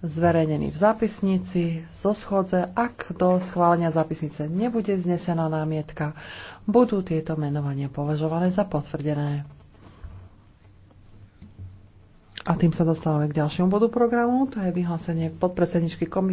zverejnený v zápisnici zo schodze, ak do schválenia zápisnice nebude vznesená námietka, budú tieto menovania považované za potvrdené. A tým sa dostávame k ďalšiemu bodu programu, to je vyhlásenie podpredsedničky komisie.